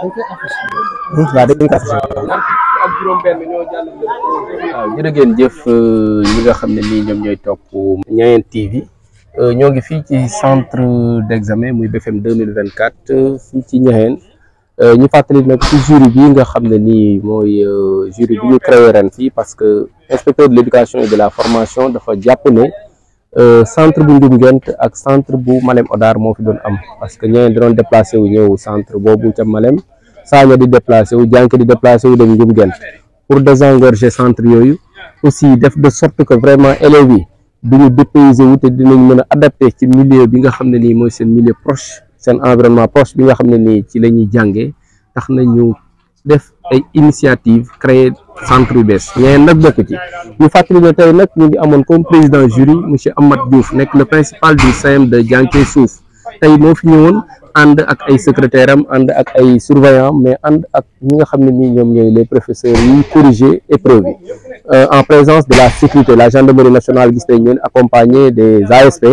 waaw dañ ko affiché waaw jërë ngeen jëf euh, ñi nga xam ne nii ñoom ñooy topp Ñayeen TV euh, ñoo ngi fii ci centre d'examen muy BFM 2024 euh, fii ci Ñayeen ñu fàttali nag ci jury bi nga xam ne nii mooy jury bi ñu créé ren fii parce que inspecteur de l'éducation et de la formation dafa jàpp ne Euh, centre bu Ndiougent ak centre bu Malem Odar moo fi doon am parce que ñeneen di doon déplacé wu ñëw centre boobu ca Malem Sagna di déplacé wu Dianké di déplacé wu dem Ndiougent pour désengorger centre yooyu aussi def de sorte que vraiment élèves yi duñu dépayser wu te dinañ mën a adapté ci milieu bi nga xam ne nii mooy seen milieu proche seen environnement proche bi nga xam ne nii ci la ñuy jàngee tax na ñu Des initiatives initiative créer centre yu Mais ñeneen nag bokk ci ñu fàttali ne tey ñu ngi comme président jury monsieur Ahmad Diouf le principal du CEM de Dianké souf tey moo fi ñëwoon ànd ak ay surveillants, and ak ay surveillants mais and ak ñi nga ni ñom ñoy les professeurs yi corriger épreuve euh, en présence de la sécurité la gendarmerie nationale gis nañ ñoon accompagné des ASP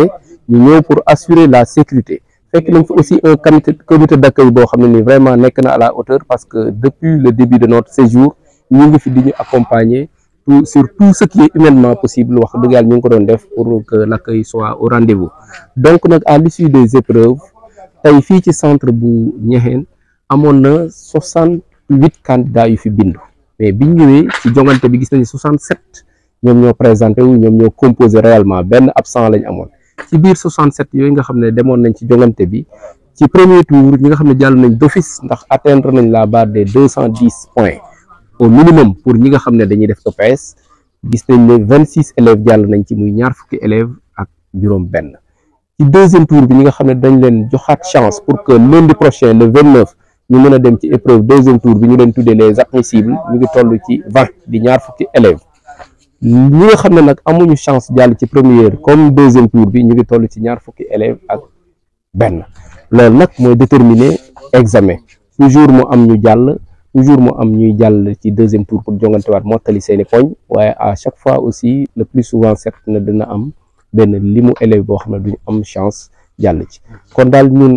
ñu pour assurer la sécurité fekk nañ fi aussi un comité comité d'accueil boo xam ne ni vraiment nekk na à la hauteur parce que depuis le début de notre séjour ñu ngi fi di ñu accompagner tout sur tout ce qui est humainement possible wax dëgg yàlla ñu ngi ko doon def pour que l'accueil soit au rendez-vous donc nag à l'issue des épreuves tey fii ci centre bu Niakhène amoon na soixante-huit candidats yu fi bindu mais biñ ñëwee ci jongante bi gis nañu soixante-sept ñoom ñoo présenté wu ñoom ñoo composé réellement benn absent lañ amoon ci biir 67 yooyu nga xam ne demoon nañ ci jongante bi ci premier tour ñi nga xam ne jàll nañ d'office ndax atteindre nañ la barre des 210 points au minimum pour ñi nga xam ne dañuy def EPS gis nañ ne 26 élèves jàll nañ ci muy ñaar fukki élèves ak juróom-benn ci deuxième tour bi ñi nga xam ne dañ leen joxaat chance pour que lundi prochain le 29 ñu mën a dem ci épreuve deuxième tour bi ñu leen tuddee les admissibles ñu ngi toll ci 20 di ñaar fukki élèves. ñi avons une amuñu chance jall ci première comme deuxième tour bi ñu ngi tollu ci ñaar fukki élèves ak benn leur nak moy déterminer examen toujours am ñu toujours am ñuy jall ci deuxième tour pour jongantewaat mottali seeni poñ waye à chaque fois aussi le plus souvent c'est na dina am benn limu élève bo xamné am chance ci kon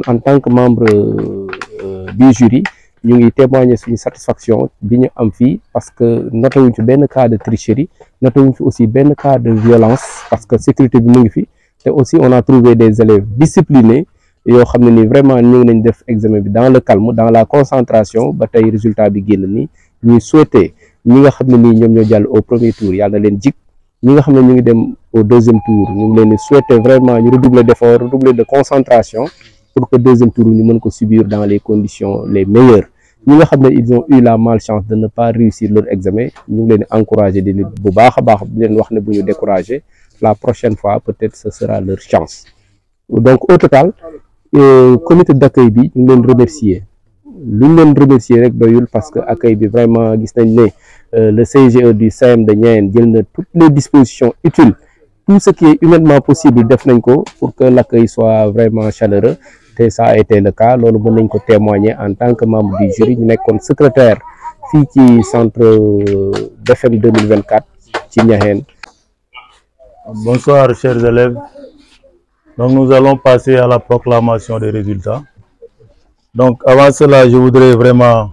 en tant que membre euh, du jury ñu ngi témoigner suñu satisfaction bi ñu am fii parce que noté avons fi benn cas de tricherie noté avons fi aussi benn cas de violence parce que sécurité bi mu ngi fi te aussi on a trouvé des élèves disciplinés yoo xam ne ni vraiment ñu ngi nañ def examen bi dans le calme dans la concentration ba tey résultat bi génn ni ñuy souhaité ñi nga xam ne ñoom ñoo jàll au premier tour yàlla leen jik ñi nga xam ne ngi dem au deuxième tour ñu ngi leen di souhaiter vraiment ñu redoubler d'effort redoubler de concentration pour que deuxième tour nous puissions subir dans les conditions les meilleures Nous nga qu'ils ont eu la malchance de ne pas réussir leur examen Nous les encourager nous nous bu la prochaine fois peut-être ce sera leur chance donc au total le euh, comité d'accueil nous ñu Nous remercier Nous ñu remercier parce que l'accueil est vraiment euh, le CGE du CM de Niayes toutes les dispositions utiles tout ce qui est humainement possible pour que l'accueil soit vraiment chaleureux ça a été le cas Nous mën témoigner en tant que membre du jury mais comme secrétaire du centre 2024 euh, ci Bonsoir chers élèves. Donc nous allons passer à la proclamation des résultats. Donc avant cela, je voudrais vraiment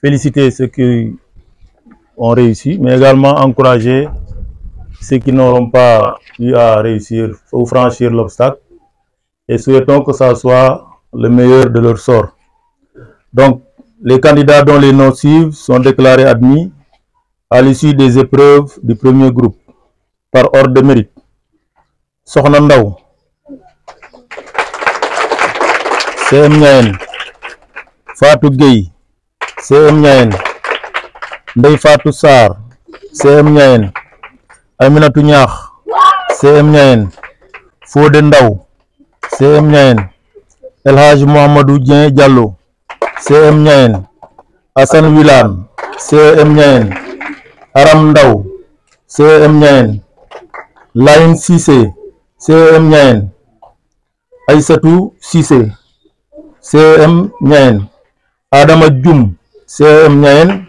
féliciter ceux qui ont réussi, mais également encourager ceux qui n'auront pas eu à réussir ou franchir l'obstacle et souhaitons que ça soit le meilleur de leur sort. Donc, les candidats dont les noms suivent sont déclarés admis à l'issue des épreuves du premier groupe, par ordre de mérite. Sohnandao, CM Nyaen, Fatou Gueye, CM Nyaen, Ndey Fatou Sar, CM Nyaen, Aminatou Niach. CM Nyaen, Fodendao, CM Niayene El Hadj Mouhamadou Dieng Diallo CM Niayene Assane Wilane CM Niayene Aram Ndaw CM Niayene Layine Cissé CM Niayene Aysatu Cissé CM Niayene Adama Dioum CM Niayene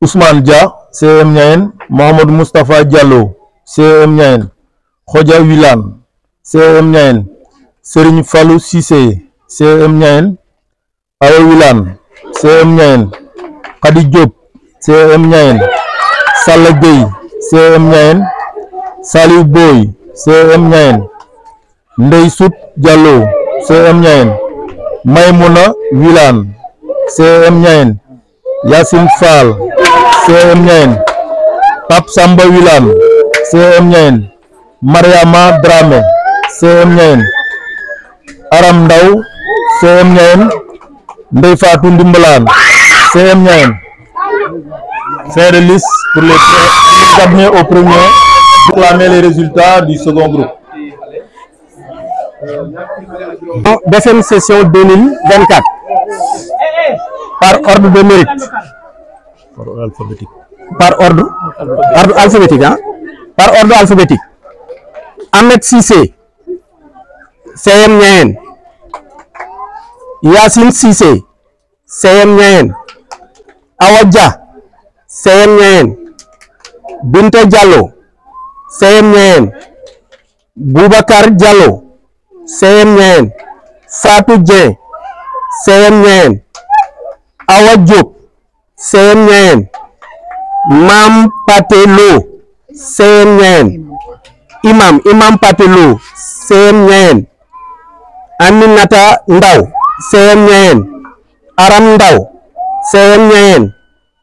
Ousmane Dia CM Niayene Mohamed Moustapha Diallo CM Niayene Khoja Wilane CEM Niayene Serigne Fallou Cissé CEM Niayene Awa Wilane CEM Niayene Khady Diop CEM Niayene Salla Gueye CEM Niayene Saliou Boy CEM Niayene Ndeye Sout Diallo CEM Niayene Maymouna Wilane CEM Niayene Yacine Fall CEM Niayene Pape Samba Wilane CEM Niayene Mariama Dramé CM Niayene Aram Ndaw CM Niayene Ndeye Fatou Ndimbalane CM Niayene fin de liste pour les admis au premier proclamer les résultats du second groupe deuxième session 2024 par ordre de mérite par ordre alphabétique par ordre ordre alphabétique hein par ordre alphabétique Ahmed Cissé CM Niayene Yacine Cissé CM Niayene Awa Dia CM Niayene Binta Diallo CM Niayene Boubacar Diallo CM Niayene Fatou Dieng CM Niayene Aminata Ndaw seeyam ñayeen Aram Ndaw seeyam ñayeen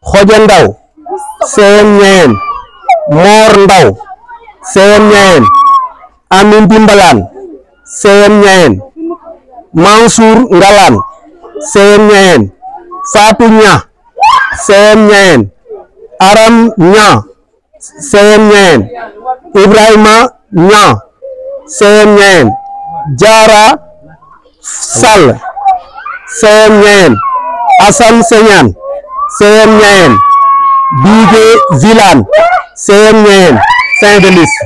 Xoja Ndaw seeyam ñayeen Moor Ndaw seeyam ñayeen Amin Dimbalaan seeyam ñayeen Mansour Ngalaan seeyam ñayeen Ña seeyam ñayeen Aram Ña seeyam ñayeen Ibrahima Ña seeyam ñayeen Jaara Sall Seyem Ñayen Assane Señaan Seyem Ñayen Biige Zilane Seyem Ñayen